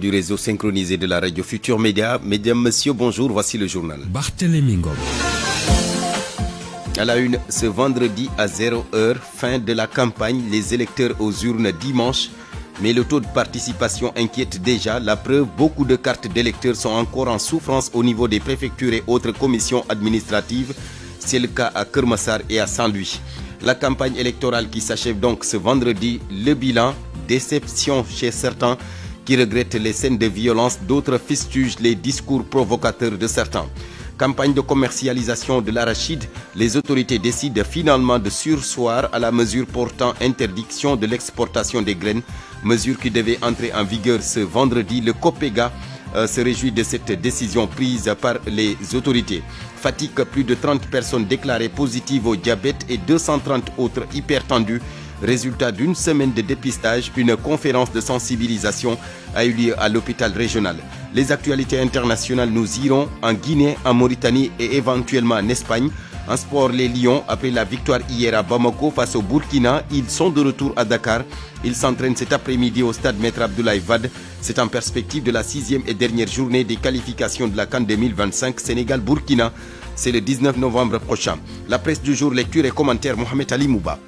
du réseau synchronisé de la radio Futur Média. Mesdames, Messieurs, bonjour, voici le journal. Barthélémy À la une, ce vendredi à 0h, fin de la campagne, les électeurs aux urnes dimanche. Mais le taux de participation inquiète déjà. La preuve, beaucoup de cartes d'électeurs sont encore en souffrance au niveau des préfectures et autres commissions administratives. C'est le cas à Kermassar et à Saint-Louis. La campagne électorale qui s'achève donc ce vendredi, le bilan, déception chez certains, qui regrette les scènes de violence, d'autres fistugent les discours provocateurs de certains. Campagne de commercialisation de l'arachide, les autorités décident finalement de sursoir à la mesure portant interdiction de l'exportation des graines, mesure qui devait entrer en vigueur ce vendredi. Le COPEGA euh, se réjouit de cette décision prise par les autorités. Fatigue, plus de 30 personnes déclarées positives au diabète et 230 autres hypertendues. Résultat d'une semaine de dépistage, une conférence de sensibilisation a eu lieu à l'hôpital régional. Les actualités internationales nous iront en Guinée, en Mauritanie et éventuellement en Espagne. En sport, les Lions, après la victoire hier à Bamako face au Burkina, ils sont de retour à Dakar. Ils s'entraînent cet après-midi au stade Maître Abdoulaye Vad. C'est en perspective de la sixième et dernière journée des qualifications de la CAN 2025 Sénégal-Burkina. C'est le 19 novembre prochain. La presse du jour, lecture et commentaire Mohamed Ali Mouba.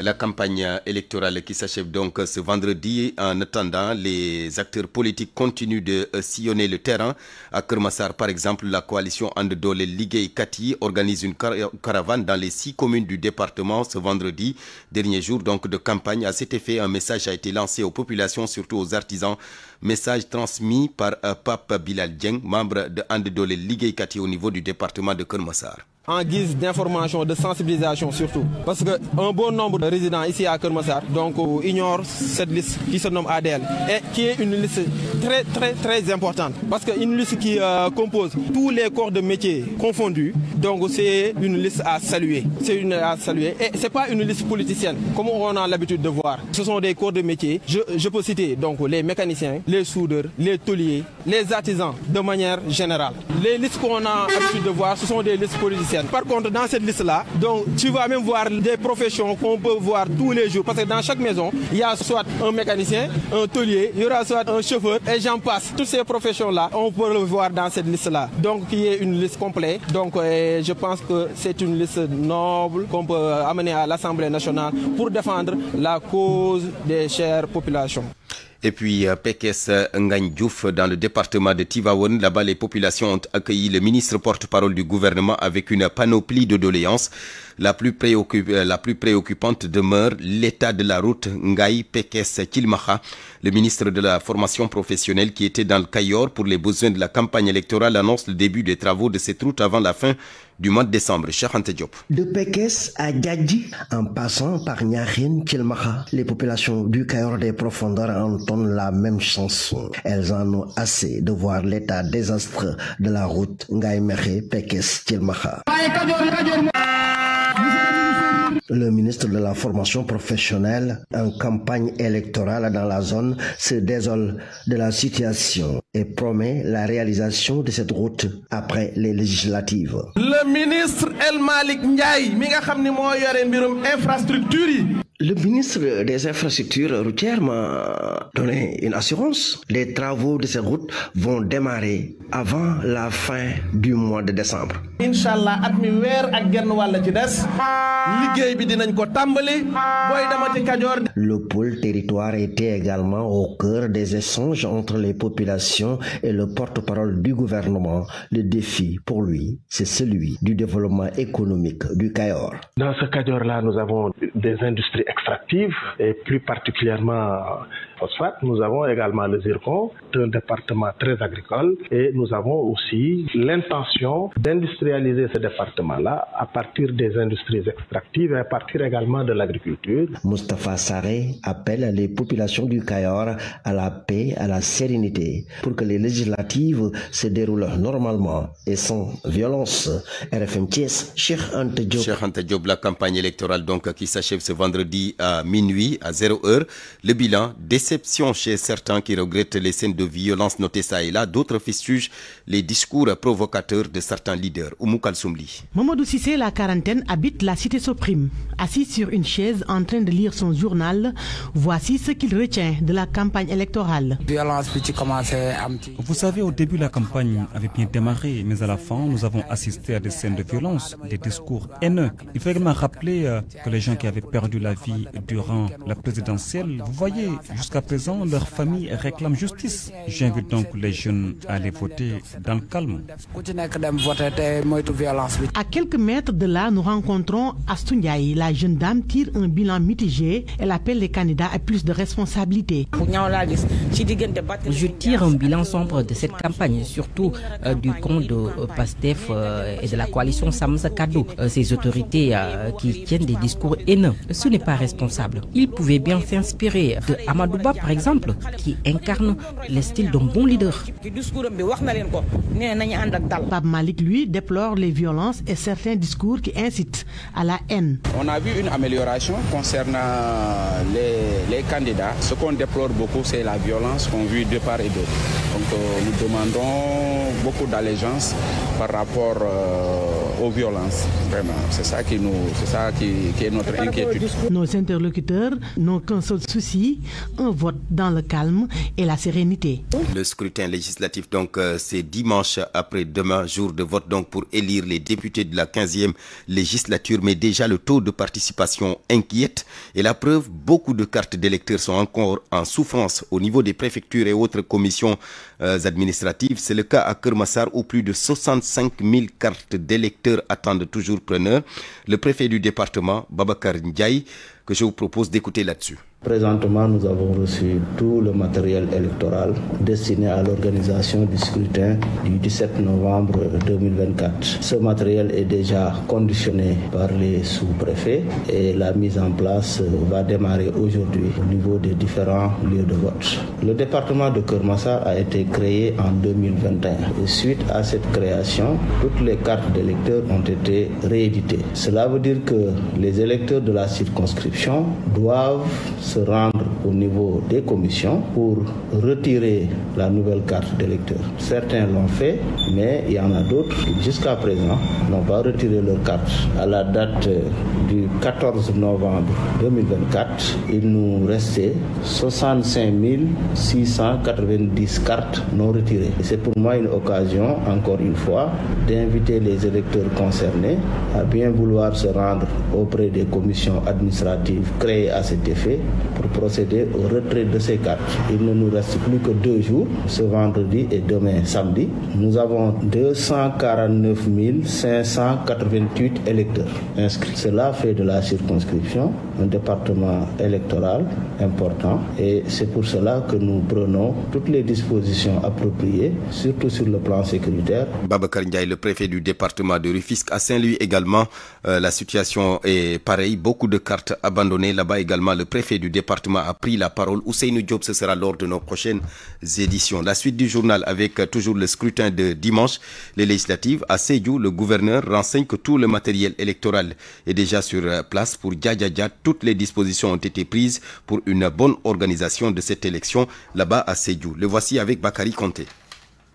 La campagne électorale qui s'achève donc ce vendredi. En attendant, les acteurs politiques continuent de euh, sillonner le terrain. À Kermassar, par exemple, la coalition Andedole Ligue et Kati organise une caravane dans les six communes du département ce vendredi. Dernier jour donc de campagne. À cet effet, un message a été lancé aux populations, surtout aux artisans. Message transmis par euh, Pape Bilal Dieng, membre de Andedole Ligue et Kati au niveau du département de Kermassar en guise d'information, de sensibilisation surtout. Parce qu'un bon nombre de résidents ici à Kermassar donc, euh, ignorent cette liste qui se nomme ADL et qui est une liste très très très importante. Parce qu'une liste qui euh, compose tous les corps de métier confondus, donc c'est une liste à saluer. C'est une à saluer. Et ce n'est pas une liste politicienne, comme on a l'habitude de voir. Ce sont des corps de métier. Je, peux citer donc les mécaniciens, les soudeurs, les tauliers, les artisans, de manière générale. Les listes qu'on a l'habitude de voir, ce sont des listes politiciennes. Par contre, dans cette liste-là, tu vas même voir des professions qu'on peut voir tous les jours. Parce que dans chaque maison, il y a soit un mécanicien, un taulier, il y aura soit un chauffeur, et j'en passe. Toutes ces professions-là, on peut le voir dans cette liste-là. Donc, il y a une liste complète. Donc, euh, je pense que c'est une liste noble qu'on peut amener à l'Assemblée nationale pour défendre la cause des chères populations. Et puis, euh, Pekes Ngandjouf, dans le département de Tivawon, là-bas, les populations ont accueilli le ministre porte-parole du gouvernement avec une panoplie de doléances. La plus, euh, préoccupante demeure l'état de la route Ngaï Pekes Kilmaha. Le ministre de la formation professionnelle qui était dans le Cayor pour les besoins de la campagne électorale annonce le début des travaux de cette route avant la fin du mois de décembre. cher Diop. De Pékès à Gadi, en passant par Nyahin, Kilmaha, les populations du Cayor des profondeurs entendent la même chanson. Elles en ont assez de voir l'état désastreux de la route Ngaïmere, Pékès, Kilmaha. Le ministre de la formation professionnelle en campagne électorale dans la zone se désole de la situation et promet la réalisation de cette route après les législatives. Le ministre El Malik Ndiaye, infrastructure le ministre des Infrastructures routières m'a donné une assurance. Les travaux de ces routes vont démarrer avant la fin du mois de décembre. Le pôle territoire était également au cœur des échanges entre les populations et le porte-parole du gouvernement. Le défi pour lui, c'est celui du développement économique du Kayor. Dans ce cahors là nous avons des industries extractive et plus particulièrement euh, phosphate. Nous avons également le zircon, un département très agricole, et nous avons aussi l'intention d'industrialiser ce département-là à partir des industries extractives et à partir également de l'agriculture. Mustapha Saré appelle les populations du Cayor à la paix, à la sérénité, pour que les législatives se déroulent normalement et sans violence. RFM Thiès, Cheikh Ante Diop. Cheikh Ante Diop, la campagne électorale donc qui s'achève ce vendredi à minuit, à 0 h Le bilan des chez certains qui regrettent les scènes de violence notées ça et là. D'autres fustigent les discours provocateurs de certains leaders. Oumou Kalsoumli. Mamadou Sissé, la quarantaine, habite la cité Soprime. Assis sur une chaise en train de lire son journal, voici ce qu'il retient de la campagne électorale. Vous savez, au début, la campagne avait bien démarré, mais à la fin, nous avons assisté à des scènes de violence, des discours haineux. Il faut également rappeler euh, que les gens qui avaient perdu la vie durant la présidentielle, vous voyez, jusqu'à présent, leurs familles réclament justice. J'invite donc les jeunes à aller voter dans le calme. À quelques mètres de là, nous rencontrons Astunyaï. La jeune dame tire un bilan mitigé. Elle appelle les candidats à plus de responsabilités. Je tire un bilan sombre de cette campagne, surtout euh, du compte de euh, PASTEF euh, et de la coalition Samsa Kado. ces autorités qui tiennent des discours haineux, ce n'est pas responsable. Ils pouvaient bien s'inspirer de Amadouba par exemple, qui incarne le style d'un bon leader. Pape Malik, lui, déplore les violences et certains discours qui incitent à la haine. On a vu une amélioration concernant les, candidats. Ce qu'on déplore beaucoup, c'est la violence qu'on vit de part et d'autre. Donc euh, nous demandons beaucoup d'allégeance par rapport... Euh, aux violences. Vraiment, c'est ça qui est notre inquiétude. Nos interlocuteurs n'ont qu'un seul souci un vote dans le calme et la sérénité. Le scrutin législatif, donc, euh, c'est dimanche après-demain, jour de vote, donc, pour élire les députés de la 15e législature. Mais déjà, le taux de participation inquiète. Et la preuve, beaucoup de cartes d'électeurs sont encore en souffrance au niveau des préfectures et autres commissions euh, administratives. C'est le cas à Kermassar où plus de 65 000 cartes d'électeurs attendent toujours preneur. Le préfet du département, Babakar Ndiaye, que je vous propose d'écouter là-dessus. Présentement, nous avons reçu tout le matériel électoral destiné à l'organisation du scrutin du 17 novembre 2024. Ce matériel est déjà conditionné par les sous-préfets et la mise en place va démarrer aujourd'hui au niveau des différents lieux de vote. Le département de Kermassa a été créé en 2021 et suite à cette création, toutes les cartes d'électeurs ont été rééditées. Cela veut dire que les électeurs de la circonscription doivent se rendre au niveau des commissions pour retirer la nouvelle carte d'électeur. Certains l'ont fait, mais il y en a d'autres qui, jusqu'à présent, n'ont pas retiré leur carte. À la date euh, du 14 novembre 2024, il nous restait 65 690 cartes non retirées. c'est pour moi une occasion, encore une fois, d'inviter les électeurs concernés à bien vouloir se rendre auprès des commissions administratives créées à cet effet pour procéder au retrait de ces cartes. Il ne nous reste plus que deux jours, ce vendredi et demain samedi. Nous avons 249 588 électeurs inscrits. Cela fait de la circonscription un département électoral important et c'est pour cela que nous prenons toutes les dispositions appropriées, surtout sur le plan sécuritaire. Babacar Ndiaye, le préfet du département de Rufisque, à Saint-Louis également, euh, la situation est pareille, beaucoup de cartes abandonnées là-bas également. Le préfet du département a pris la parole. Ousseinou Diop, ce sera lors de nos prochaines éditions. La suite du journal avec toujours le scrutin de dimanche, les législatives. À Seyou, le gouverneur renseigne que tout le matériel électoral est déjà sur euh, place pour Dja Tout toutes les dispositions ont été prises pour une bonne organisation de cette élection là-bas à Seydou. Le voici avec Bakari Conté.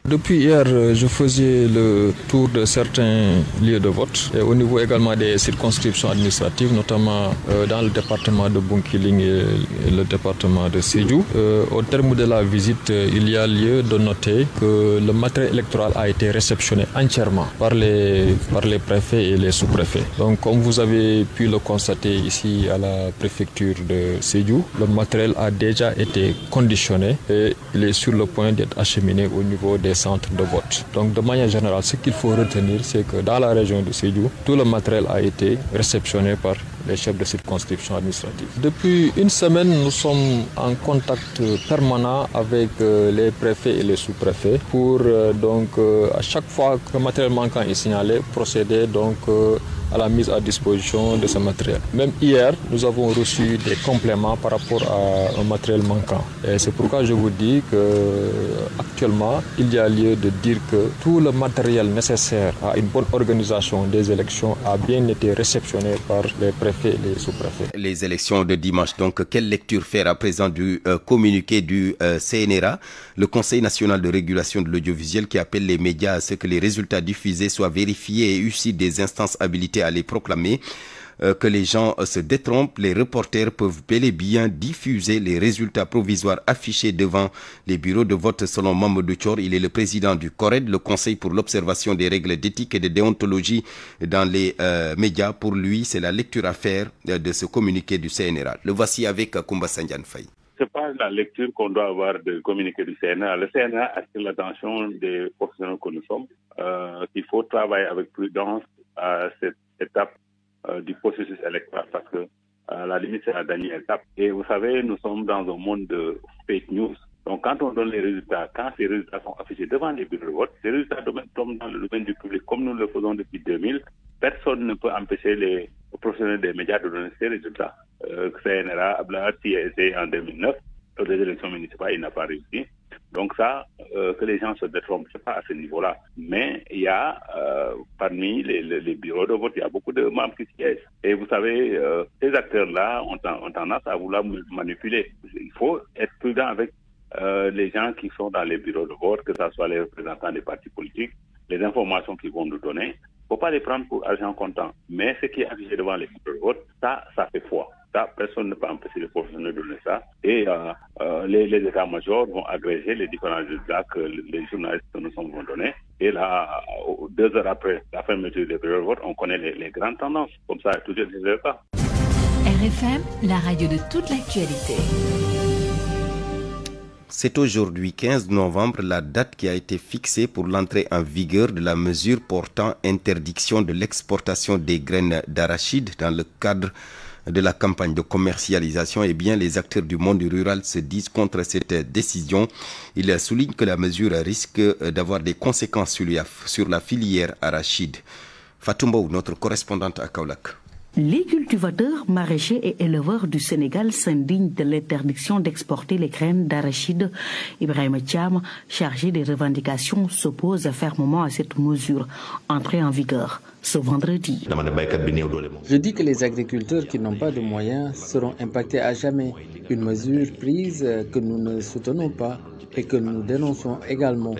Depuis hier, euh, je faisais le tour de certains lieux de vote et au niveau également des circonscriptions administratives, notamment euh, dans le département de Bunkiling et le département de séjou euh, Au terme de la visite, il y a lieu de noter que le matériel électoral a été réceptionné entièrement par les, par les préfets et les sous-préfets. Donc, comme vous avez pu le constater ici à la préfecture de Seju, le matériel a déjà été conditionné et il est sur le point d'être acheminé au niveau des centres de vote. Donc de manière générale, ce qu'il faut retenir, c'est que dans la région de Sédou, tout le matériel a été réceptionné par les chefs de circonscription administrative. Depuis une semaine, nous sommes en contact permanent avec euh, les préfets et les sous-préfets pour euh, donc euh, à chaque fois que matériel manquant est signalé, procéder donc à la mise à disposition de ce matériel. Même hier, nous avons reçu des compléments par rapport à un matériel manquant. Et c'est pourquoi je vous dis que euh, actuellement, il y a lieu de dire que tout le matériel nécessaire à une bonne organisation des élections a bien été réceptionné par les préfets et les sous-préfets. Les élections de dimanche, donc, quelle lecture faire à présent du euh, communiqué du euh, CNRA, le Conseil national de régulation de l'audiovisuel qui appelle les médias à ce que les résultats diffusés soient vérifiés et usent des instances habilitées à les proclamer euh, que les gens euh, se détrompent, les reporters peuvent bel et bien diffuser les résultats provisoires affichés devant les bureaux de vote selon Mamadou Chor. Il est le président du CORED, le Conseil pour l'observation des règles d'éthique et de déontologie dans les euh, médias. Pour lui, c'est la lecture à faire de ce communiqué du CNRA. Le voici avec Kumba Sanjan Faye. Ce pas la lecture qu'on doit avoir de communiqué du CNRA. Le CNRA attire l'attention des professionnels que nous sommes. il faut travailler avec prudence à cette étape euh, du processus électoral parce que euh, la limite c'est la dernière étape. Et vous savez, nous sommes dans un monde de fake news. Donc quand on donne les résultats, quand ces résultats sont affichés devant les bureaux de vote, ces résultats tombent dans le domaine du public comme nous le faisons depuis 2000. Personne ne peut empêcher les professionnels des médias de donner ces résultats. Euh, CNRA, Abla, a e en 2009, des élections municipales, il n'a pas réussi. Donc ça, euh, que les gens se détrompent, c'est pas à ce niveau-là. Mais il y a, euh, parmi les, bureaux de vote, il y a beaucoup de membres qui siègent. Et vous savez, euh, ces acteurs-là ont, tendance à vouloir manipuler. Il faut être prudent avec euh, les gens qui sont dans les bureaux de vote, que ce soit les représentants des partis politiques, les informations qu'ils vont nous donner. Il ne faut pas les prendre pour agents comptant. Mais ce qui est affiché devant les bureaux de vote, ça, ça fait foi personne ne peut empêcher les professionnels de donner ça. Et euh, euh, les, états-majors vont agréger les différents résultats que les journalistes nous vont donner. Et là, deux heures après la fermeture des bureaux de vote, on connaît les, grandes tendances. Comme ça, tout ne se pas. RFM, la radio de toute l'actualité. C'est aujourd'hui 15 novembre la date qui a été fixée pour l'entrée en vigueur de la mesure portant interdiction de l'exportation des graines d'arachide dans le cadre de la campagne de commercialisation, eh bien, les acteurs du monde rural se disent contre cette décision. Il souligne que la mesure risque d'avoir des conséquences sur, la filière arachide. Fatumbaou, notre correspondante à Kaulak. Les cultivateurs, maraîchers et éleveurs du Sénégal s'indignent de l'interdiction d'exporter les graines d'arachide. Ibrahim Tiam, chargé des revendications, s'oppose fermement à cette mesure entrée en vigueur ce vendredi. Je dis que les agriculteurs qui n'ont pas de moyens seront impactés à jamais. Une mesure prise que nous ne soutenons pas et que nous dénonçons également.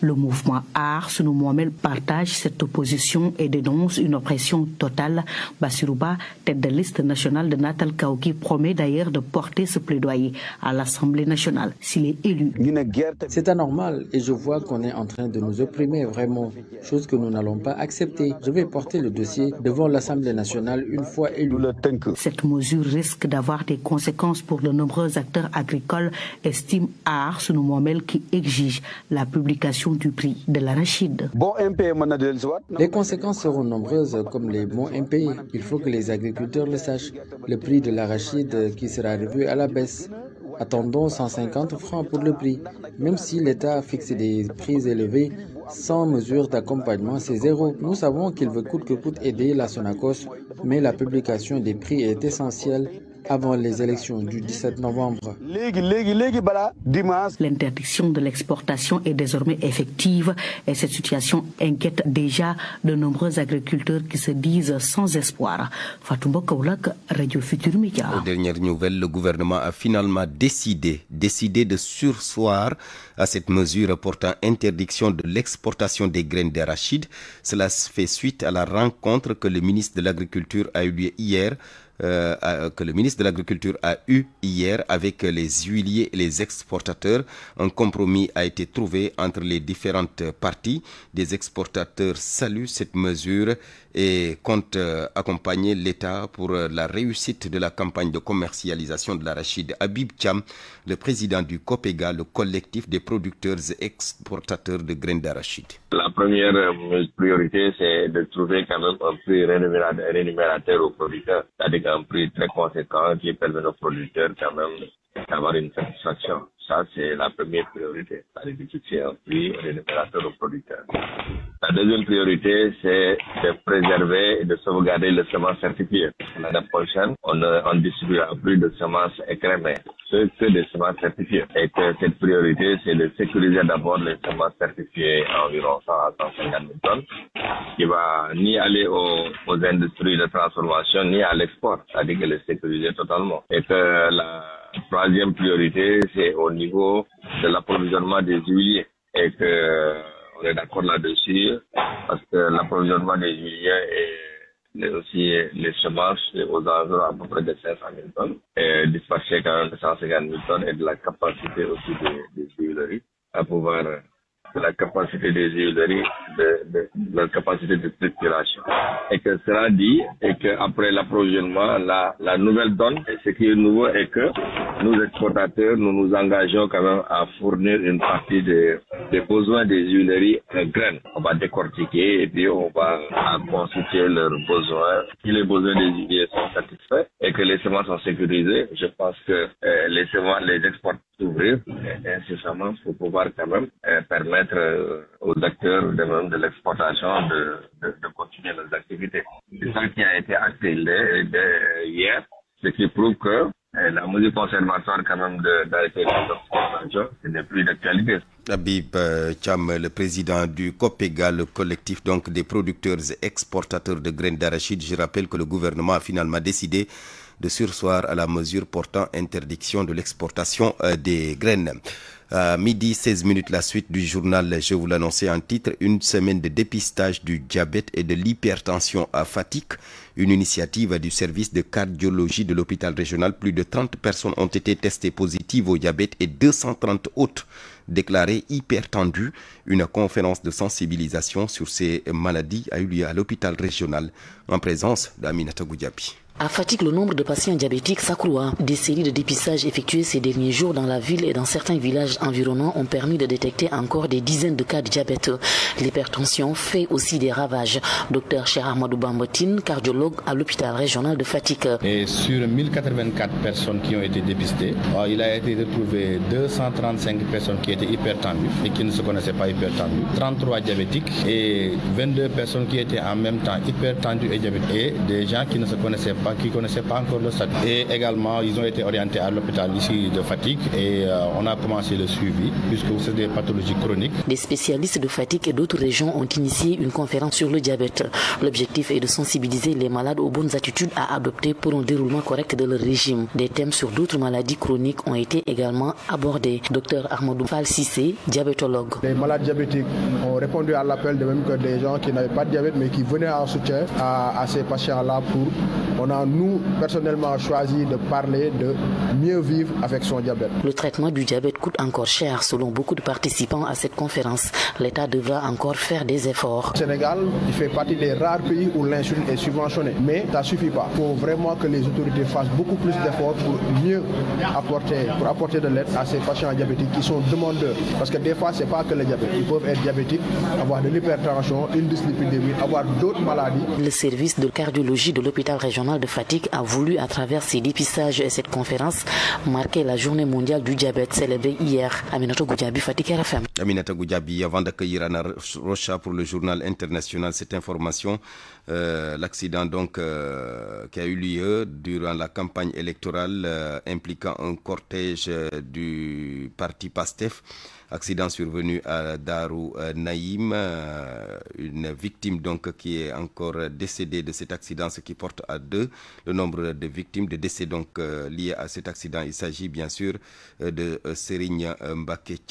Le mouvement Ars nous partage cette opposition et dénonce une oppression totale. Basiruba, tête de liste nationale de Natal Kaoki, promet d'ailleurs de porter ce plaidoyer à l'Assemblée nationale s'il est élu. C'est anormal et je vois qu'on est en train de nous opprimer vraiment, chose que nous n'allons pas accepter je vais porter le dossier devant l'Assemblée nationale une fois élu. Cette mesure risque d'avoir des conséquences pour de nombreux acteurs agricoles, estime à Mouamel, qui exige la publication du prix de l'arachide. Les conséquences seront nombreuses comme les bons impayés. Il faut que les agriculteurs le sachent. Le prix de l'arachide qui sera revu à la baisse attendons 150 francs pour le prix. Même si l'État a fixé des prix élevés, sans mesure d'accompagnement, c'est zéro. Nous savons qu'il veut coûte que coûte aider la Sonacos, mais la publication des prix est essentielle avant les élections du 17 novembre. L'interdiction de l'exportation est désormais effective et cette situation inquiète déjà de nombreux agriculteurs qui se disent sans espoir. Fatoumbo Kaulak, Radio Futur Média. Aux dernières nouvelles, le gouvernement a finalement décidé, décidé de sursoir à cette mesure portant interdiction de l'exportation des graines d'arachide. Cela fait suite à la rencontre que le ministre de l'Agriculture a eu hier euh, que le ministre de l'Agriculture a eu hier avec les huiliers et les exportateurs. Un compromis a été trouvé entre les différentes parties. Des exportateurs saluent cette mesure et compte euh, accompagner l'État pour euh, la réussite de la campagne de commercialisation de l'arachide. Habib Cham, le président du COPEGA, le collectif des producteurs et exportateurs de graines d'arachide. La première euh, priorité, c'est de trouver quand même un prix rémunérateur aux producteurs, c'est-à-dire un prix très conséquent qui permet aux producteurs quand même d'avoir une satisfaction. Ça, c'est la première priorité, l'agriculture, puis rémunérateur de producteurs. La deuxième priorité, c'est de préserver et de sauvegarder les semences certifiées. La prochaine, on ne distribuera plus de semences écrémées, ce que des semences certifiées. Et que cette priorité, c'est de sécuriser d'abord les semences certifiées à environ 100 à 150 000 tonnes, qui va ni aller aux, aux industries de transformation, ni à l'export, c'est-à-dire que les sécuriser totalement. Et que la troisième priorité, c'est au au niveau de l'approvisionnement des huiliers et que euh, on est d'accord là-dessus parce que l'approvisionnement des huiliers est aussi les semences aux enjeux à peu près de 500 000 tonnes et dispatcher quand même de 150 000 tonnes et de la capacité aussi des, des huileries à pouvoir la capacité des huileries, de, de, leur capacité de structuration. Et que cela dit, et qu'après l'approvisionnement, la, la nouvelle donne, et ce qui est nouveau est que nous exportateurs, nous nous engageons quand même à fournir une partie des, besoins des huileries en graines. On va décortiquer et puis on va constituer leurs besoins. Si les besoins des huileries sont satisfaits et que les semences sont sécurisées, je pense que euh, les semences, les exportations, ouvrir euh, incessamment pour pouvoir quand même euh, permettre euh, aux acteurs de, même de l'exportation de, de, continuer leurs activités. C'est ça qui a été acté hier, ce qui prouve que la musique conservatoire quand même de, de n'est plus d'actualité. Habib Cham, le président du COPEGA, le collectif donc des producteurs et exportateurs de graines d'arachide, je rappelle que le gouvernement a finalement décidé de sursoir à la mesure portant interdiction de l'exportation euh, des graines. À euh, midi 16 minutes, la suite du journal, je vous l'annonçais en titre, une semaine de dépistage du diabète et de l'hypertension à fatigue. Une initiative du service de cardiologie de l'hôpital régional. Plus de 30 personnes ont été testées positives au diabète et 230 autres déclarées hypertendues. Une conférence de sensibilisation sur ces maladies a eu lieu à l'hôpital régional en présence d'Aminata Goudiapi à fatigue, le nombre de patients diabétiques s'accroît. Des séries de dépistages effectuées ces derniers jours dans la ville et dans certains villages environnants ont permis de détecter encore des dizaines de cas de diabète. L'hypertension fait aussi des ravages. Docteur Cher Ahmadou Bambotine, cardiologue à l'hôpital régional de Fatigue. Et sur 1084 personnes qui ont été dépistées, ah, il a été retrouvé 235 personnes qui étaient hypertendues et qui ne se connaissaient pas hypertendues, 33 diabétiques et 22 personnes qui étaient en même temps hypertendues et diabétiques et des gens qui ne se connaissaient pas qui ne connaissaient pas encore le statut. Et également, ils ont été orientés à l'hôpital ici de fatigue et euh, on a commencé le suivi puisque c'est des pathologies chroniques. Des spécialistes de fatigue et d'autres régions ont initié une conférence sur le diabète. L'objectif est de sensibiliser les malades aux bonnes attitudes à adopter pour un déroulement correct de leur régime. Des thèmes sur d'autres maladies chroniques ont été également abordés. Docteur Armandou Sissé, diabétologue. Les malades diabétiques ont répondu à l'appel de même que des gens qui n'avaient pas de diabète mais qui venaient en soutien à, ces patients-là pour nous, personnellement, choisi de parler de mieux vivre avec son diabète. Le traitement du diabète coûte encore cher selon beaucoup de participants à cette conférence. L'État devra encore faire des efforts. Le Sénégal il fait partie des rares pays où l'insuline est subventionnée, mais ça ne suffit pas. pour vraiment que les autorités fassent beaucoup plus d'efforts pour mieux apporter, pour apporter de l'aide à ces patients diabétiques qui sont demandeurs. Parce que des fois, ce n'est pas que les diabétiques. Ils peuvent être diabétiques, avoir de l'hypertension, une dyslipidémie, avoir d'autres maladies. Le service de cardiologie de l'hôpital régional de fatigue a voulu, à travers ses dépistages et cette conférence, marquer la journée mondiale du diabète célébrée hier. Aminata Goudjabi, Fatigue RFM. Aminata Goudjabi, avant d'accueillir Anna Rocha pour le journal international, cette information, euh, l'accident donc euh, qui a eu lieu durant la campagne électorale euh, impliquant un cortège du parti PASTEF Accident survenu à Daru euh, Naïm, euh, une victime donc qui est encore décédée de cet accident, ce qui porte à deux le nombre de victimes de décès donc euh, liés à cet accident. Il s'agit bien sûr de Serigne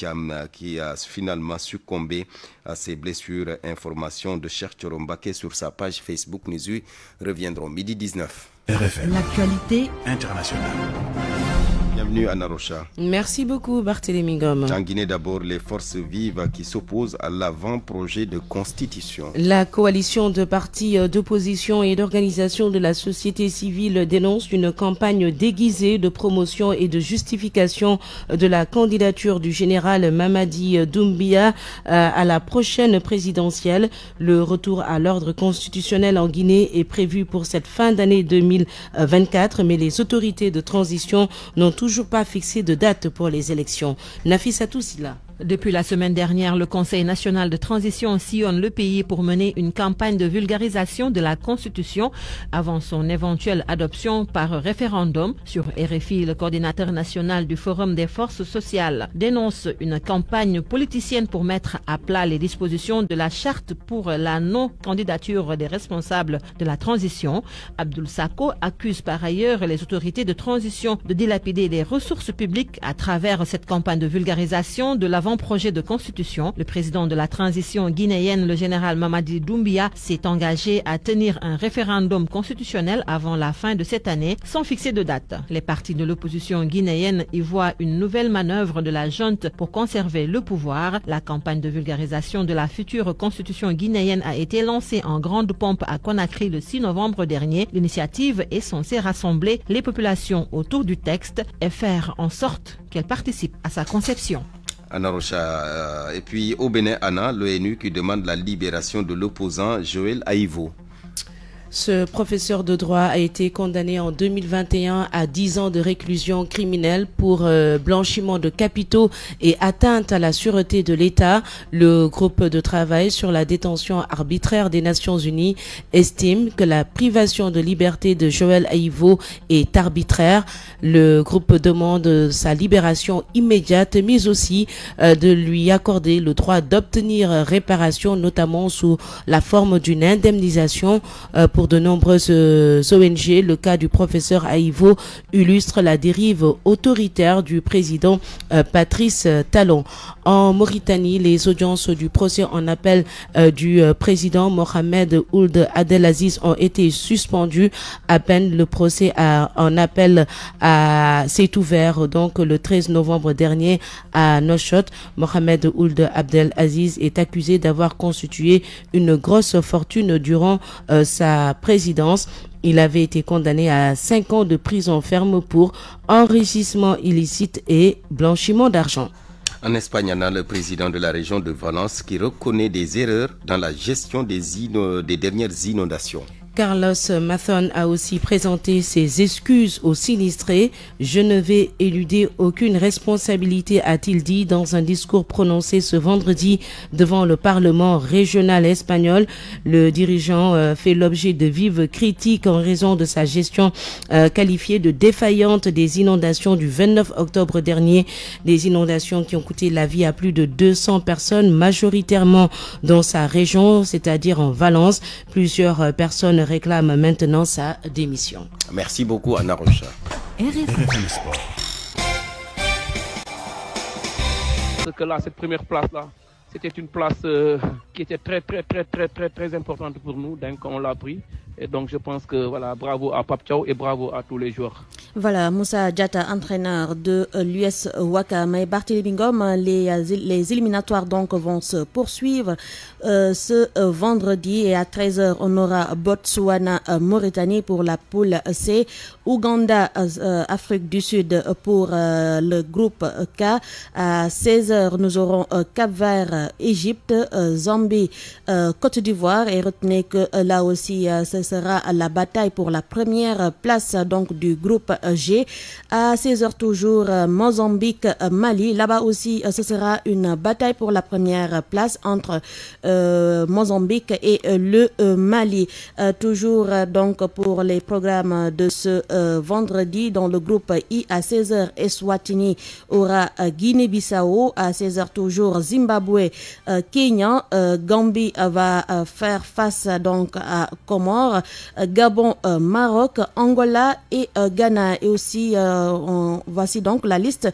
cham qui a finalement succombé à ses blessures. Information de chercheur Mbake sur sa page Facebook. Nous y reviendrons midi 19. L'actualité internationale. Bienvenue à Narocha. Merci beaucoup Barthélémy Gomme. En Guinée d'abord, les forces vives qui s'opposent à l'avant-projet de constitution. La coalition de partis euh, d'opposition et d'organisation de la société civile dénonce une campagne déguisée de promotion et de justification euh, de la candidature du général Mamadi euh, Doumbia à la prochaine présidentielle. Le retour à l'ordre constitutionnel en Guinée est prévu pour cette fin d'année 2024, mais les autorités de transition n'ont toujours toujours pas fixé de date pour les élections. Nafis Atousila. Depuis la semaine dernière, le Conseil national de transition sillonne le pays pour mener une campagne de vulgarisation de la Constitution avant son éventuelle adoption par référendum. Sur RFI, le coordinateur national du Forum des forces sociales dénonce une campagne politicienne pour mettre à plat les dispositions de la charte pour la non-candidature des responsables de la transition. Abdul Sako accuse par ailleurs les autorités de transition de dilapider les ressources publiques à travers cette campagne de vulgarisation de la avant projet de constitution, le président de la transition guinéenne, le général Mamadi Doumbia, s'est engagé à tenir un référendum constitutionnel avant la fin de cette année, sans fixer de date. Les partis de l'opposition guinéenne y voient une nouvelle manœuvre de la junte pour conserver le pouvoir. La campagne de vulgarisation de la future constitution guinéenne a été lancée en grande pompe à Conakry le 6 novembre dernier. L'initiative est censée rassembler les populations autour du texte et faire en sorte qu'elles participent à sa conception. Anna euh, Et puis au Bénin, Anna, l'ONU qui demande la libération de l'opposant Joël Aïvo. Ce professeur de droit a été condamné en 2021 à 10 ans de réclusion criminelle pour euh, blanchiment de capitaux et atteinte à la sûreté de l'État. Le groupe de travail sur la détention arbitraire des Nations Unies estime que la privation de liberté de Joël Aïvo est arbitraire. Le groupe demande sa libération immédiate, mais aussi euh, de lui accorder le droit d'obtenir réparation, notamment sous la forme d'une indemnisation euh, pour de nombreuses euh, ONG. Le cas du professeur Aïvo illustre la dérive autoritaire du président euh, Patrice Talon. En Mauritanie, les audiences du procès en appel euh, du président Mohamed Ould Abdelaziz ont été suspendues. À peine le procès en appel s'est ouvert donc le 13 novembre dernier à Noshot. Mohamed Ould Abdelaziz est accusé d'avoir constitué une grosse fortune durant sa présidence. Il avait été condamné à 5 ans de prison ferme pour enrichissement illicite et blanchiment d'argent. En Espagne, on a le président de la région de Valence qui reconnaît des erreurs dans la gestion des dernières inondations. Carlos Mathon a aussi présenté ses excuses aux sinistrés. Je ne vais éluder aucune responsabilité, a-t-il dit dans un discours prononcé ce vendredi devant le Parlement régional espagnol. Le dirigeant euh, fait l'objet de vives critiques en raison de sa gestion euh, qualifiée de défaillante des inondations du 29 octobre dernier. Des inondations qui ont coûté la vie à plus de 200 personnes, majoritairement dans sa région, c'est-à-dire en Valence. Plusieurs euh, personnes réclame maintenant sa démission. Merci beaucoup, Anna Rocha. que là, cette première place-là, c'était une place euh, qui était très, très, très, très, très, très importante pour nous. quand on l'a pris. Et donc je pense que voilà, bravo à Papchao et bravo à tous les joueurs. Voilà, Moussa Djata entraîneur de euh, l'US Waka et Barthélémy Bingom euh, les, euh, les, éliminatoires donc vont se poursuivre ce vendredi et à 13h on aura Botswana Mauritanie pour la poule C, Ouganda Afrique du Sud pour le groupe K, à 16h nous aurons Cap-Vert Égypte, Zambie Côte d'Ivoire et retenez que là aussi sera la bataille pour la première place donc du groupe G. À 16h toujours, Mozambique, Mali. Là-bas aussi, ce sera une bataille pour la première place entre euh, Mozambique et euh, le euh, Mali. toujours donc pour les programmes de ce vendredi dans le groupe I à 16h, Eswatini aura Guinée-Bissau. À 16h toujours, Zimbabwe, Kenya. Gambie va faire face donc à Comores. Euh, Gabon, euh, Maroc, Angola et euh, Ghana. Et aussi, voici donc la liste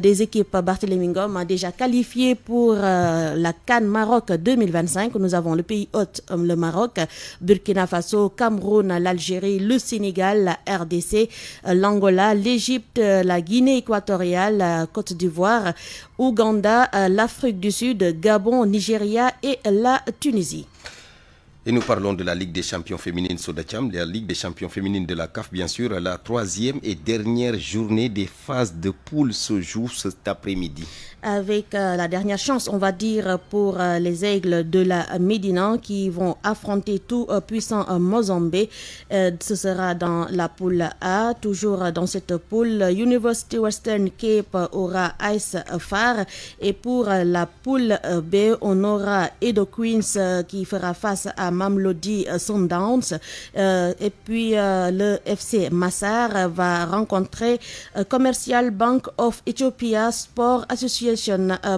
des équipes Barthélémy Ngom a déjà qualifié pour la Cannes Maroc 2025. Nous avons le pays hôte, le Maroc, Burkina Faso, Cameroun, l'Algérie, le Sénégal, la RDC, l'Angola, l'Égypte, la Guinée équatoriale, la Côte d'Ivoire, Ouganda, l'Afrique du Sud, Gabon, Nigeria et la Tunisie. Et nous parlons de la Ligue des champions féminines de la Ligue des champions féminines de la CAF, bien sûr. La troisième et dernière journée des phases de poule se joue cet après-midi avec euh, la dernière chance, on va dire, pour euh, les aigles de la Médina qui vont affronter tout euh, puissant Mozambique. ce sera dans la poule A. Toujours dans cette poule, University Western Cape aura Ice Far. Et pour la poule B, on aura Edo Queens qui fera face à Mamlodi Sundowns. et puis le FC Massar va rencontrer Commercial Bank of Ethiopia Sport Association euh,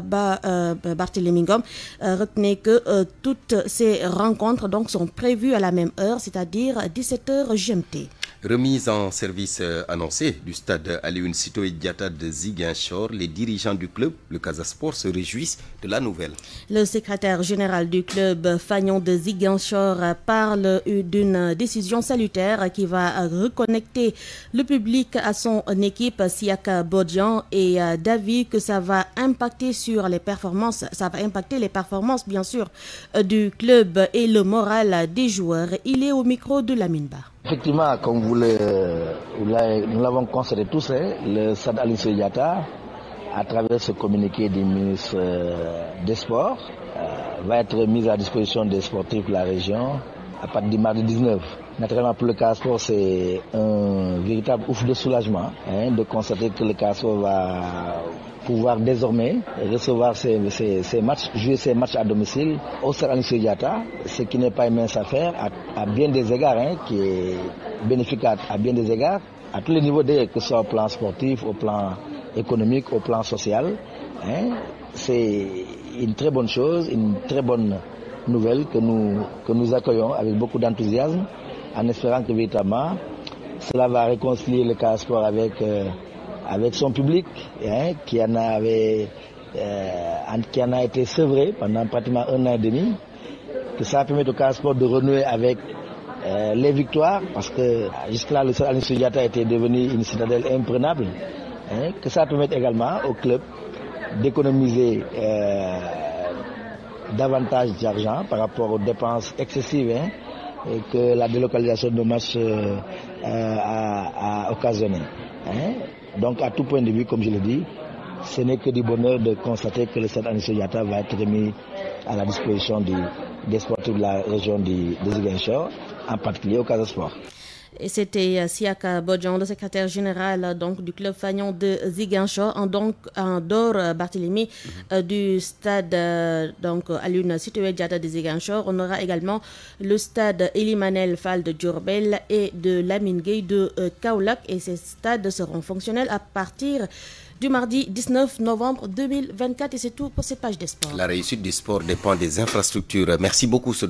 euh, Barthélémy euh, retenez que toutes ces rencontres donc, sont prévues à la même heure, c'est-à-dire 17h GMT. Remise en service euh, annoncée du stade Alioune Sito et Diata de Ziguinchor, les dirigeants du club, le Casasport, se réjouissent de la nouvelle. Le secrétaire général du club, Fagnon de Ziguinchor, parle euh, d'une décision salutaire qui va euh, reconnecter le public à son équipe Siaka Bodjan et d'avis que ça va impacter sur les performances, ça va impacter les performances bien sûr du club et le moral des joueurs. Il est au micro de la Minbar. Effectivement, comme vous le, nous l'avons constaté tous, hein, le SAD Alice Diata, à travers ce communiqué du ministre euh, des Sports, euh, va être mis à disposition des sportifs de la région à partir du mardi 19. Naturellement, pour le Casco, c'est un véritable ouf de soulagement hein, de constater que le Casco va pouvoir désormais recevoir ses, ses, ses, matchs, jouer ses matchs à domicile au Stade ce qui n'est pas une mince affaire à, bien des égards, hein, qui est bénéfique à, bien des égards, à tous les niveaux, que ce soit au plan sportif, au plan économique, au plan social. Hein. c'est une très bonne chose, une très bonne nouvelle que nous, que nous accueillons avec beaucoup d'enthousiasme en espérant que véritablement cela va réconcilier le Carrascore avec, euh, avec son public hein, qui, en avait, euh, qui en a été sevré pendant pratiquement un an et demi, que ça permet au Carre-Sport de renouer avec euh, les victoires parce que jusque-là le Salon Sudiata était devenu une citadelle imprenable, hein, que ça permet également au club d'économiser davantage d'argent par rapport aux dépenses excessives. Hein, et que la délocalisation de matchs euh, a, occasionné. Hein. Donc à tout point de vue, comme je l'ai dit, ce n'est que du bonheur de constater que le stade Yata va être mis à la disposition des sportifs de la région de des en particulier au Casasport. Sport. Et c'était euh, Siaka Bodjan, le secrétaire général euh, donc, du club Fagnon de Ziguinchor, en, donc, en dehors euh, Barthélémy du stade donc, à l'une située Diata de Ziguinchor. On aura également le stade Elimanel Fall de Djurbel et de Lamingay de Kaolak Et ces stades seront fonctionnels à partir du mardi 19 novembre 2024. Et c'est tout pour cette page des sports. La réussite du sport dépend des infrastructures. Merci beaucoup, jour.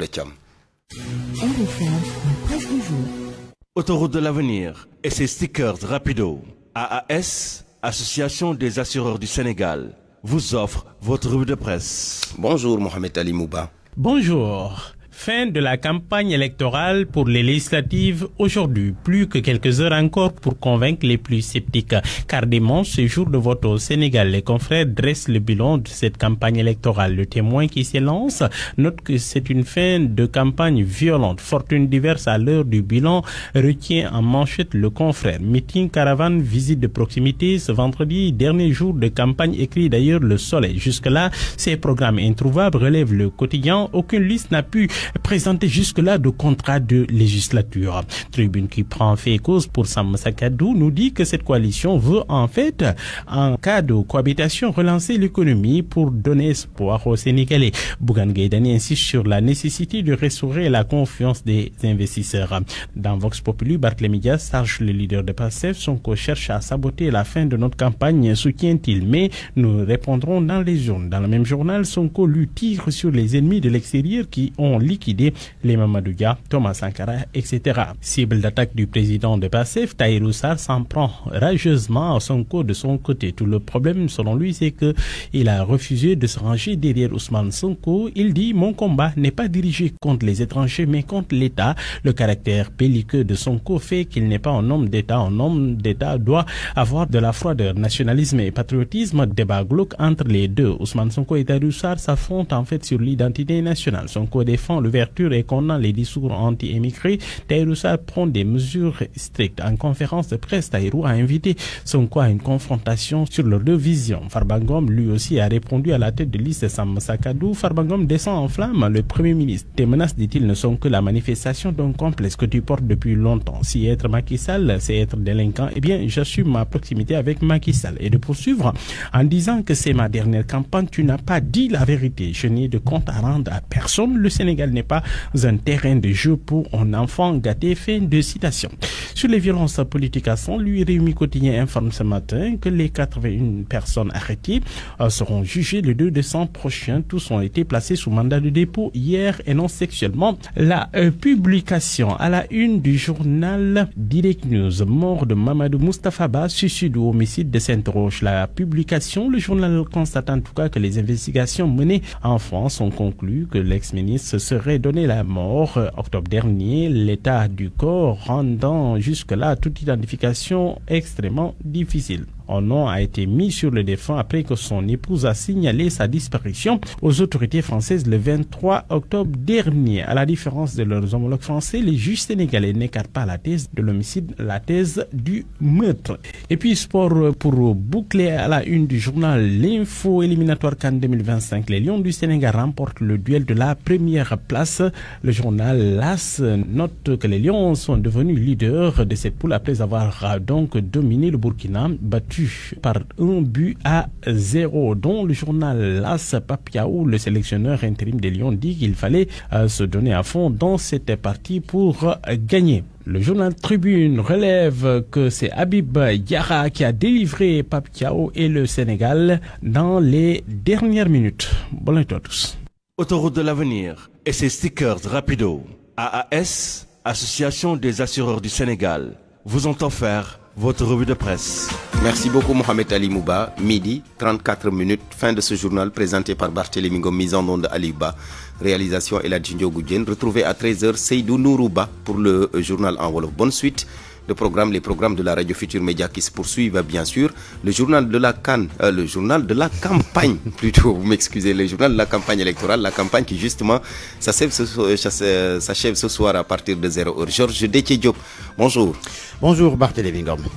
Autoroute de l'avenir et ses stickers rapido. AAS, Association des assureurs du Sénégal, vous offre votre rue de presse. Bonjour Mohamed Ali Mouba. Bonjour. Fin de la campagne électorale pour les législatives aujourd'hui. Plus que quelques heures encore pour convaincre les plus sceptiques. Car dimanche, ce jour de vote au Sénégal, les confrères dressent le bilan de cette campagne électorale. Le témoin qui s'élance note que c'est une fin de campagne violente. Fortune diverse à l'heure du bilan retient en manchette le confrère. Meeting, caravane, visite de proximité ce vendredi, dernier jour de campagne écrit d'ailleurs le soleil. Jusque-là, ces programmes introuvables relèvent le quotidien. Aucune liste n'a pu présenté jusque-là de contrats de législature. Tribune qui prend fait cause pour Sam Sakadou nous dit que cette coalition veut en fait, en cas de cohabitation, relancer l'économie pour donner espoir aux Sénégalais. Bougan Gaydani insiste sur la nécessité de restaurer la confiance des investisseurs. Dans Vox Populi, Barthélémy Sarge, le leader de PASSEF, son cherche à saboter la fin de notre campagne, soutient-il. Mais nous répondrons dans les jours Dans le même journal, Sonko lui tire sur les ennemis de l'extérieur qui ont dit les Mamadouga, Thomas Sankara, etc. Cible d'attaque du président de PASSEF, Oussar s'en prend rageusement à son de son côté. Tout le problème, selon lui, c'est que il a refusé de se ranger derrière Ousmane Sonko. Il dit Mon combat n'est pas dirigé contre les étrangers, mais contre l'État. Le caractère pelliqueux de Sonko fait qu'il n'est pas un homme d'État. Un homme d'État doit avoir de la froideur. Nationalisme et patriotisme, débat glauque entre les deux. Ousmane Sonko et Taïroussar s'affrontent en fait sur l'identité nationale. Sonko défend l'ouverture et a les discours anti-émigrés, Taïrousa prend des mesures strictes. En conférence de presse, Taïrou a invité son quoi à une confrontation sur leurs deux visions. Farbangom, lui aussi, a répondu à la tête de liste Sam Sakadou. Farbangom descend en flamme le Premier ministre. Tes menaces, dit-il, ne sont que la manifestation d'un complexe que tu portes depuis longtemps. Si être Macky Sall, c'est être délinquant, eh bien, j'assume ma proximité avec Macky Sall. Et de poursuivre en disant que c'est ma dernière campagne, tu n'as pas dit la vérité. Je n'ai de compte à rendre à personne. Le Sénégal n'est pas un terrain de jeu pour un enfant gâté. Fin de citation. Sur les violences politiques à son lui Réumi Quotidien informe ce matin que les 81 personnes arrêtées euh, seront jugées le 2 décembre prochain. Tous ont été placés sous mandat de dépôt hier et non sexuellement. La euh, publication à la une du journal Direct News, mort de Mamadou Mustafa Ba, suicide ou homicide de Sainte-Roche. La publication, le journal constate en tout cas que les investigations menées en France ont conclu que l'ex-ministre serait aurait donné la mort. Euh, octobre dernier, l'état du corps rendant jusque-là toute identification extrêmement difficile en nom a été mis sur le défunt après que son épouse a signalé sa disparition aux autorités françaises le 23 octobre dernier. À la différence de leurs homologues français, les juges sénégalais n'écartent pas la thèse de l'homicide, la thèse du meurtre. Et puis sport pour boucler à la une du journal L'Info éliminatoire Cannes 2025. Les Lions du Sénégal remportent le duel de la première place. Le journal LAS note que les Lions sont devenus leaders de cette poule après avoir euh, donc dominé le Burkina battu par un but à zéro. dont le journal LAS Papiaou, le sélectionneur intérim des Lyon dit qu'il fallait euh, se donner à fond dans cette partie pour euh, gagner. Le journal Tribune relève que c'est Habib Yara qui a délivré Papiao et le Sénégal dans les dernières minutes. Bonne nuit à tous. Autoroute de l'avenir et ses stickers rapido. AAS, Association des assureurs du Sénégal, vous ont offert votre revue de presse. Merci beaucoup Mohamed Ali Mouba. Midi, 34 minutes, fin de ce journal présenté par Barthélémy mise en onde Aliba. Réalisation Eladjindio Retrouvez à 13h Seydou Nourouba pour le euh, journal en of Bonne suite. Le programme, les programmes de la radio Futur Média qui se poursuivent bien sûr. Le journal de la euh, le journal de la campagne plutôt, vous m'excusez, le journal de la campagne électorale, la campagne qui justement s'achève ce, euh, euh, soir à partir de 0h. Georges Détiediop, bonjour. Bonjour Barthélémy Gormé.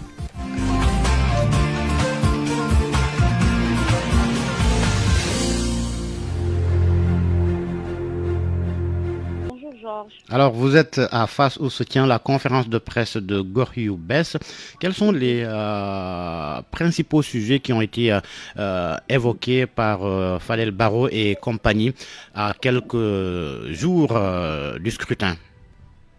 Alors, vous êtes à face au soutien tient la conférence de presse de ou Bess. Quels sont les euh, principaux sujets qui ont été euh, euh, évoqués par Falel Fadel et compagnie à quelques jours du scrutin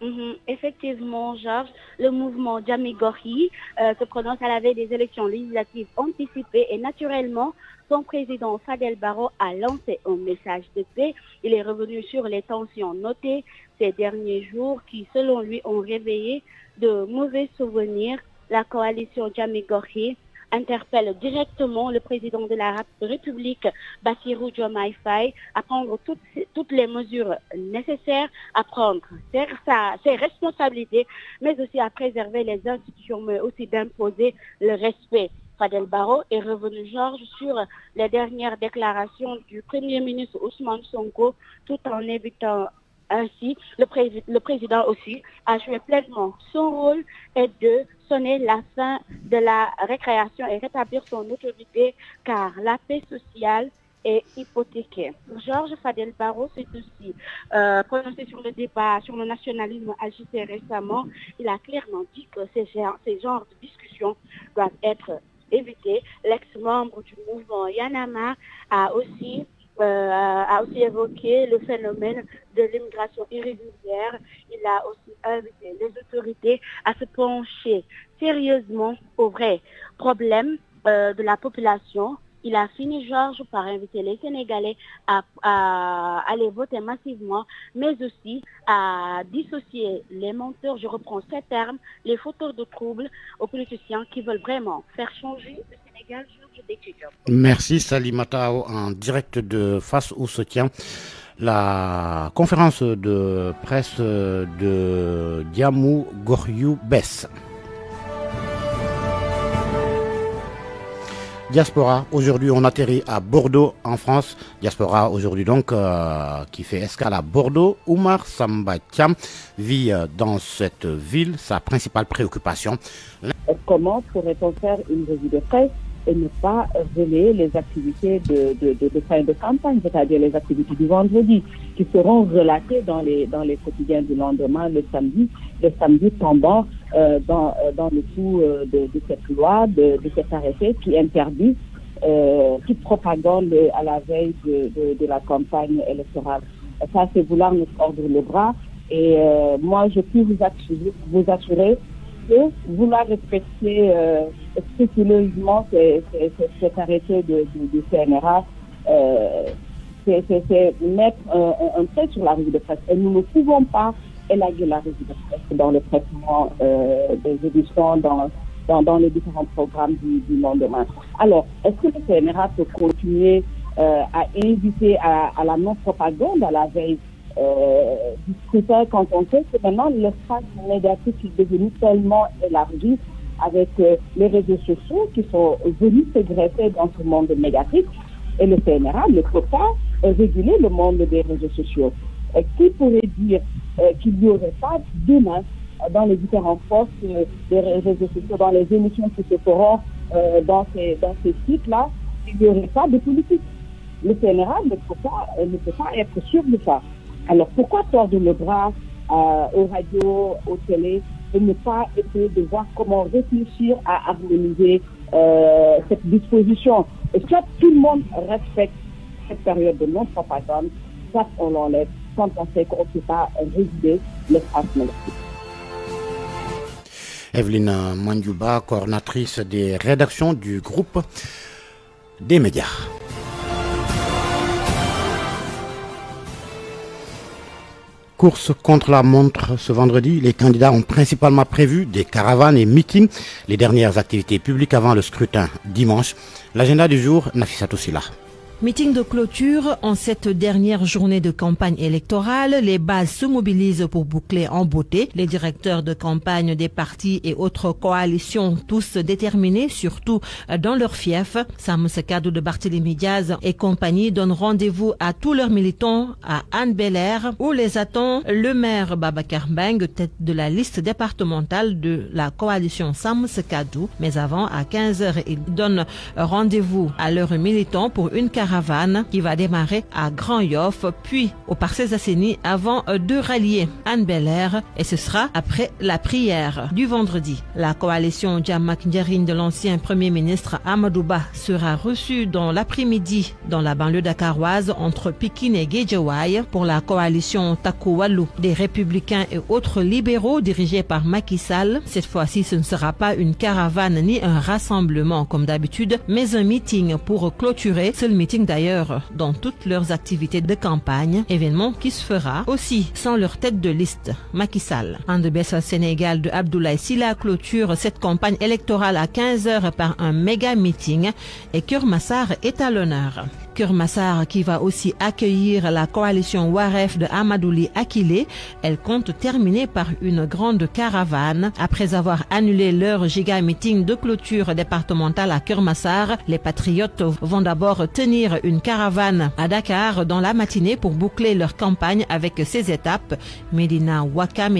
mhm, Effectivement, Georges, le mouvement Djamé Gorhi se prononce à la veille des élections législatives anticipées et naturellement, son président Fadel Barro a lancé un message de paix. Il est revenu sur les tensions notées ces derniers jours qui, selon lui, ont réveillé de mauvais souvenirs. La coalition Djamigorhi interpelle directement le président de la République, Bassirou Diomaye à prendre toutes, les mesures nécessaires, à prendre ses, responsabilités, mais aussi à préserver les institutions, mais aussi d'imposer le respect. Fadel Barro est revenu Georges sur les dernières déclarations du Premier ministre Ousmane Sonko tout en évitant ainsi le, président aussi à jouer pleinement son rôle et de sonner la fin de la récréation et rétablir son autorité car la paix sociale est hypothéquée. Georges Fadel Barro c'est aussi euh, prononcé sur le débat sur le nationalisme agité récemment. Il a clairement dit que ces, ces genres de discussions doivent être L'ex-membre du mouvement Yanama a aussi euh, a aussi évoqué le phénomène de l'immigration irrégulière. Il a aussi invité les autorités à se pencher sérieusement aux vrais problèmes euh, de la population il a fini, Georges, par inviter les Sénégalais à, aller voter massivement, mais aussi à dissocier les menteurs, je reprends ces termes, les fauteurs de troubles aux politiciens qui veulent vraiment faire changer le Sénégal, Merci, Salimatao, en direct de Face où se tient la conférence de presse de Diamou Goryou Bess. Diaspora, aujourd'hui on atterrit à Bordeaux en France. Diaspora aujourd'hui donc euh, qui fait escale à Bordeaux. Oumar Sambatiam vit euh, dans cette ville, sa principale préoccupation. Comment pourrait-on faire une revue de presse et ne pas relayer les activités de, fin de campagne, c'est-à-dire les activités du vendredi, qui seront relatées dans les, dans les quotidiens du lendemain, le samedi, le samedi tombant euh, euh, dans, le coup euh, de, cette loi, de, cet arrêté qui interdit qui toute propagande à la veille de, la campagne électorale. Ça, c'est vouloir nous tordre le bras. Et moi, je puis vous vous assurer vous vouloir respecter euh, scrupuleusement cet arrêté de, euh, CNRA, c'est mettre un, trait sur la rue de presse. Et nous ne pouvons pas élaguer la revue de presse dans le traitement euh, des éditions, dans, les différents programmes du, lendemain. Alors, est-ce que le CNRA peut continuer à inviter à, à, la non-propagande à la veille je scrutin quand on sait que maintenant l'espace médiatique est devenu tellement élargi avec euh, les réseaux sociaux qui sont venus se greffer dans ce monde médiatique et le CNRA ne peut pas réguler le monde des réseaux sociaux. qui pourrait dire euh, qu'il n'y aurait pas demain euh, dans les différentes forces des réseaux sociaux, dans les émissions qui se feront dans ces, dans ces sites-là, qu'il n'y aurait pas de politique. Le CNRA ne pas, ne peut pas être sûr de ça. Alors pourquoi tordre le bras euh, aux radios, aux télés et ne pas essayer de voir comment réfléchir à harmoniser euh, cette disposition Et soit tout le monde respecte cette période de non-propagande, soit on l'enlève quand on sait qu'on ne peut pas résider l'espace médiatique. Evelyne coordinatrice des rédactions du groupe des médias. course contre la montre ce vendredi. Les candidats ont principalement prévu des caravanes et meetings, les dernières activités publiques avant le scrutin dimanche. L'agenda du jour, aussi là. Meeting de clôture. En cette dernière journée de campagne électorale, les bases se mobilisent pour boucler en beauté. Les directeurs de campagne des partis et autres coalitions, tous déterminés, surtout dans leur fief. Sam Sekadou de Barthélémy Diaz et compagnie donnent rendez-vous à tous leurs militants à Anne Belair, où les attend le maire Baba Beng, tête de la liste départementale de la coalition Sam Sekadou. Mais avant, à 15h, ils donnent rendez-vous à leurs militants pour une carrière caravane qui va démarrer à Grand Yoff, puis au Parcès Assénie avant euh, de rallier Anne Belair et ce sera après la prière du vendredi. La coalition Jamak Njarin de l'ancien premier ministre Amadouba sera reçue dans l'après-midi dans la banlieue dakaroise entre Pikine et Guédiawaye pour la coalition Takoualou des républicains et autres libéraux dirigés par Macky Sall. Cette fois-ci, ce ne sera pas une caravane ni un rassemblement comme d'habitude, mais un meeting pour clôturer ce meeting d'ailleurs dans toutes leurs activités de campagne, événement qui se fera aussi sans leur tête de liste, Macky Sall. au Sénégal de Abdoulaye Silla clôture cette campagne électorale à 15h par un méga meeting et Kurmassar est à l'honneur kurmassar qui va aussi accueillir la coalition Waref de Amadouli Akile. Elle compte terminer par une grande caravane. Après avoir annulé leur giga meeting de clôture départementale à Kermassar, les patriotes vont d'abord tenir une caravane à Dakar dans la matinée pour boucler leur campagne avec ses étapes. Medina Wakam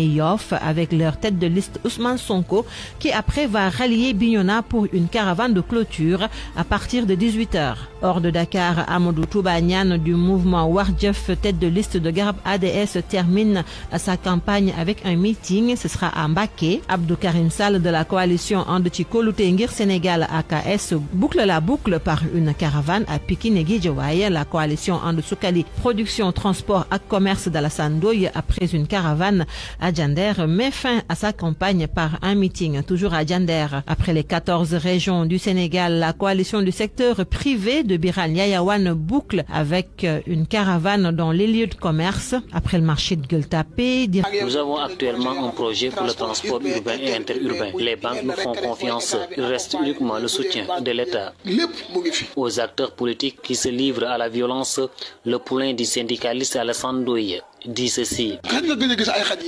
avec leur tête de liste Ousmane Sonko qui après va rallier Bignona pour une caravane de clôture à partir de 18h. Hors de Dakar, Amadou Toubanyan du mouvement Wardjef, tête de liste de garde ADS, termine sa campagne avec un meeting. Ce sera à Mbake. Abdou Karim Sal, de la coalition Andechiko Loutengir Sénégal AKS boucle la boucle par une caravane à Pikine La coalition Andesoukali Production, Transport et Commerce Sandouille après une caravane à Djander met fin à sa campagne par un meeting toujours à Djander. Après les 14 régions du Sénégal, la coalition du secteur privé de Biral boucle avec euh, une caravane dans les lieux de commerce après le marché de Gultapé. Nous avons actuellement un projet pour le transport urbain et interurbain. Les banques nous font confiance. Il reste uniquement le soutien de l'État. Aux acteurs politiques qui se livrent à la violence, le poulain du syndicaliste sandouille dit ceci.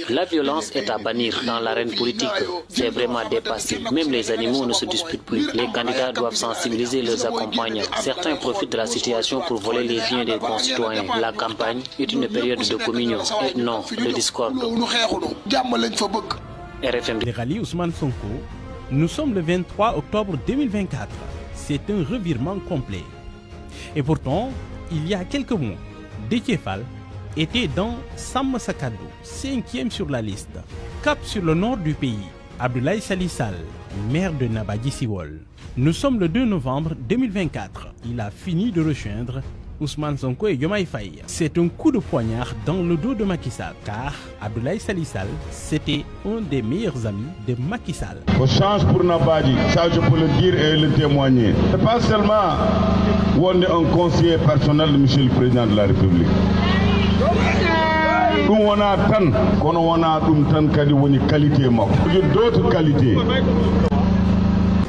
La violence est à bannir dans l'arène politique. C'est vraiment dépassé. Même les animaux ne se disputent plus. Les candidats doivent sensibiliser les accompagnants. Certains profitent de la situation pour voler les biens des concitoyens. La campagne est une période de communion et non de discorde. RFM. nous sommes le 23 octobre 2024. C'est un revirement complet. Et pourtant, il y a quelques mois, Détiéfal était dans Sam Sakado, cinquième sur la liste. Cap sur le nord du pays, Abdoulaye Salissal, maire de nabadi Siwol. Nous sommes le 2 novembre 2024. Il a fini de rejoindre Ousmane Sonko et Yomai C'est un coup de poignard dans le dos de Macky Sall, car Abdoulaye Salissal, c'était un des meilleurs amis de Macky Sall. change pour Nabadi, ça je peux le dire et le témoigner. C'est pas seulement un conseiller personnel de M. le Président de la République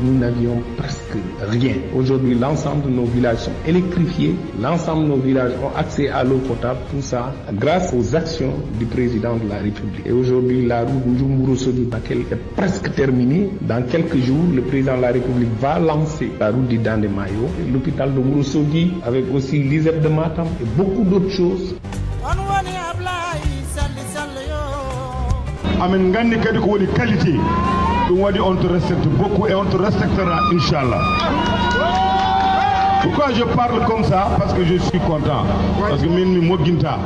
nous n'avions presque rien. Aujourd'hui, l'ensemble de nos villages sont électrifiés, l'ensemble de nos villages ont accès à l'eau potable, tout ça grâce aux actions du président de la République. Et aujourd'hui, la route njumburu bakel est presque terminée. Dans quelques jours, le président de la République va lancer la route du Dan de Mayo, l'hôpital de Mourosodi avec aussi l'ISEP de Matam et beaucoup d'autres choses. amin gandi kadi ko qualité on te respecte beaucoup et on te respectera inchallah pourquoi je parle comme ça parce que je suis content parce que min mi ginta.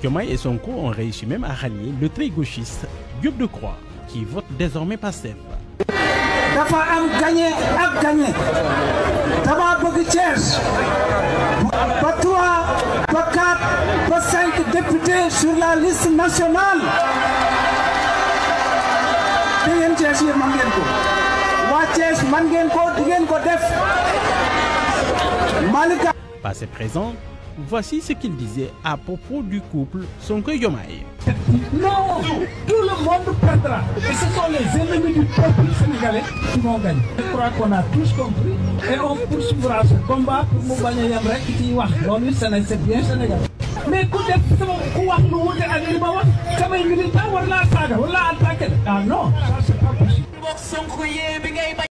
Diomaye et Sonko ont réussi même à rallier le très gauchiste Diop de Croix qui vote désormais seul dafa am gagné ak gagné dama bëgg Thiès ba trois ba quatre ba cinq députés sur la liste nationale da ngeen Thiès yéen man ngeen ko wa Thiès man ngeen ko di ngeen ko def Malika passé présent Voici ce qu'il disait à propos du couple Sonko Yomaï. Non Tout le monde perdra. Et ce sont les ennemis du peuple sénégalais qui vont gagner. Je crois qu'on a tous compris et on poursuivra ce combat pour mu bañ a yem rek ci wax loolu Sénégal c'est bien Sénégal. mais ku c'est sama quand wax lu wute ak li ma wax samay militant war l'a saaga war laa attaqué ah non ça c'est pas possible.